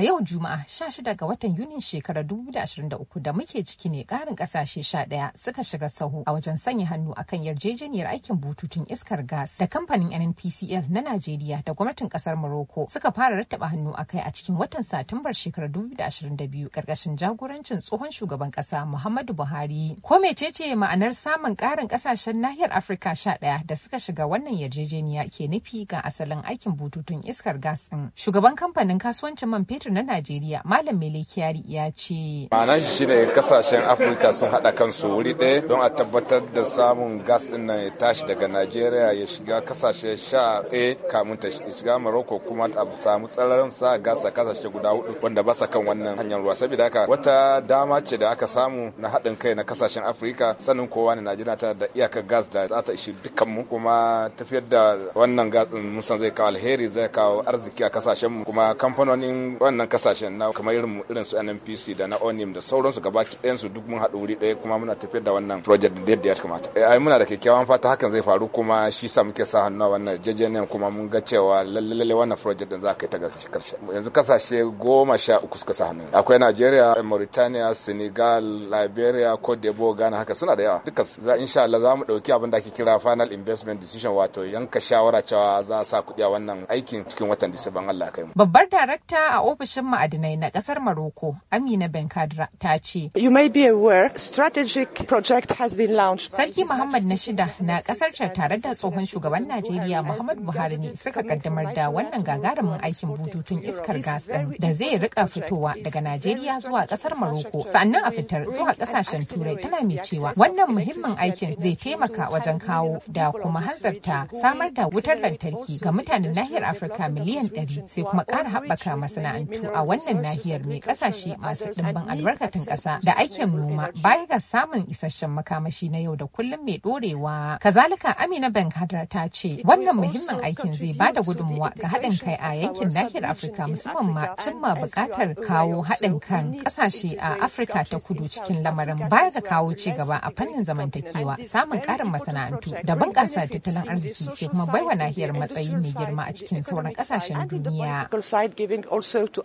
A yau Juma'a 16 ga watan Yunin shekarar 2023 da muke ciki ne karin kasashe 11 suka shiga sahu a wajen sanya hannu akan yarjejeniyar aikin bututun iskar gas da kamfanin NNPCL na Najeriya da gwamnatin kasar Morocco suka fara rattaba hannu akai a cikin watan Satumbar shekarar 2022 karkashin jagorancin tsohon shugaban kasa Muhammadu Buhari. Ko mecece ma'anar samun karin kasashen nahiyar Afirka 11 da suka shiga wannan yarjejeniya ke nufi ga asalin aikin bututun iskar gas din. Shugaban kamfanin kasuwancin man fetur Nasiru na Najeriya Malam Mele Kyari ya ce. Ma'ana shi shine kasashen Afirka sun haɗa kansu wuri ɗaya don a tabbatar da samun gas ɗin nan ya tashi daga Najeriya ya shiga kasashe sha ɗaya kamun ta shiga Morocco kuma a samu tsararin sa gas a kasashe guda hudu wanda ba sa kan wannan hanyar ruwa saboda haka wata dama ce da aka samu na haɗin kai na kasashen Afirka sanin kowa ne Najeriya tana da iyakar gas da za ta ishi dukkanmu kuma tafiyar da wannan gas ɗin musan zai kawo alheri zai kawo arziki a kasashenmu kuma kamfanonin wannan waɗannan kasashen na kamar irin irin su NNPC da na ONIM da sauransu gabaki ɗayan su duk mun haɗu wuri ɗaya kuma muna tafiyar da wannan project da yadda ya kamata eh, ai muna da kyakkyawan fata hakan zai faru kuma shi sa muke sa hannu a wannan jejeniyan kuma mun ga cewa lalle wannan project din za ka yi ta karshe yanzu kasashe goma sha uku suka sa hannu akwai Nigeria Mauritania Senegal Liberia Cote d'Ivoire Ghana haka suna da yawa duka za insha Allah za mu ɗauki abin da ake kira final investment decision wato yanka shawara cewa za a sa kuɗi a wannan aikin cikin watan Disamba Allah kai mu babbar darakta a ofishin Ma'aikacin ma'adinai na ƙasar Maroko, Amina Benkadra, ta ce. You may be aware, strategic project has been launched. Sarki Muhammad na shida na ƙasar tare da tsohon shugaban Najeriya Muhammad Buhari ne suka kaddamar da wannan gagarumin aikin bututun iskar gas ɗin da zai rika fitowa daga Najeriya zuwa ƙasar Maroko, sannan a fitar zuwa ƙasashen Turai tana mai cewa wannan muhimmin aikin zai taimaka wajen kawo da kuma hanzarta samar da wutar lantarki ga mutanen nahiyar Afirka miliyan 100 sai kuma ƙara haɓaka masana'antu. a wannan nahiyar mai kasashe masu ɗimbin albarkatun ƙasa da aikin noma baya ga samun isasshen makamashi na yau da kullum mai ɗorewa. Kazalika Amina Ben Kadra ta ce wannan muhimmin aikin zai ba da gudunmuwa ga haɗin kai a yankin nahiyar Afirka musamman ma cimma buƙatar kawo haɗin kan ƙasashe a Afirka ta kudu cikin lamarin baya ga kawo ci gaba a fannin zamantakewa samun ƙarin masana'antu da bunƙasa tattalin arziki sai kuma baiwa nahiyar matsayi mai girma a cikin sauran ƙasashen duniya.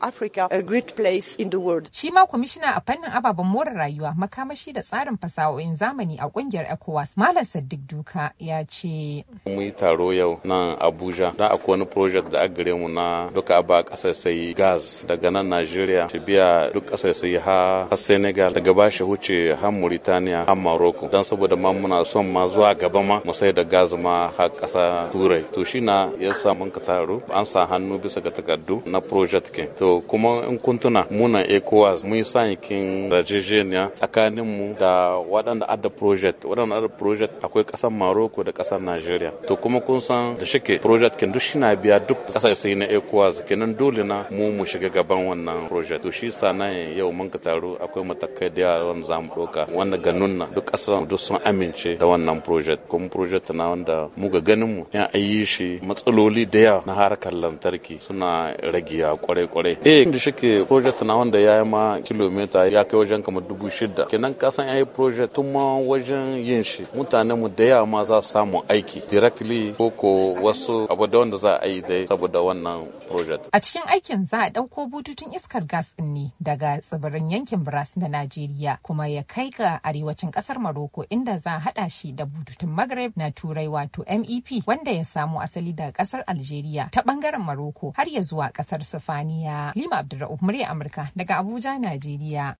Africa a great place in the world. Shi ma kwamishina a fannin ababen more rayuwa makamashi da tsarin fasahohin zamani a kungiyar ECOWAS Malam Saddiq Duka ya ce. Mun yi taro yau nan Abuja dan akwai wani project da agare mu na duka ba kasar sai gas daga nan Nigeria ta biya duk kasar sai ha Senegal daga bashi huce har Mauritania har Morocco dan saboda ma muna son ma zuwa gaba ma mu sai da gas ma har kasa Turai to shi na ya samu ka taro an sa hannu bisa ga takardu na project ke to kuma in kuntuna muna ECOWAS mun yi kin rajejeniya tsakanin mu da waɗanda adda project waɗanda adda project akwai ƙasar maroko da ƙasar Nigeria to kuma kun san da shike project kin duk n'a biya duk ƙasashe na ECOWAS kenan dole na mu mu shiga gaban wannan project to shi sa na yau mun ka taro akwai matakai da yawa wanda mu ɗauka wanda ganun na duk ƙasar duk sun amince da wannan project kuma project na wanda mu ga ganin mu ya ayi shi matsaloli da yawa na harkar lantarki suna ragiya kwarai kwarai eh da shike project na wanda ya yi ma kilomita ya kai wajen kamar dubu shida kenan kasan ya yi project tun ma wajen yin shi mutanen mu da yawa ma za su samu aiki directly ko ko wasu abu da wanda za a yi dai saboda wannan project a cikin aikin za a ɗauko bututun iskar gas din ne daga tsibirin yankin Bras na Najeriya kuma ya kai ga arewacin ƙasar Maroko inda za a haɗa shi da bututun Magreb na Turai wato MEP wanda ya samu asali daga ƙasar Algeria ta bangaren Maroko har ya zuwa ƙasar Sifaniya. Halima Abdulra'uf murya Amurka daga Abuja, Najeriya.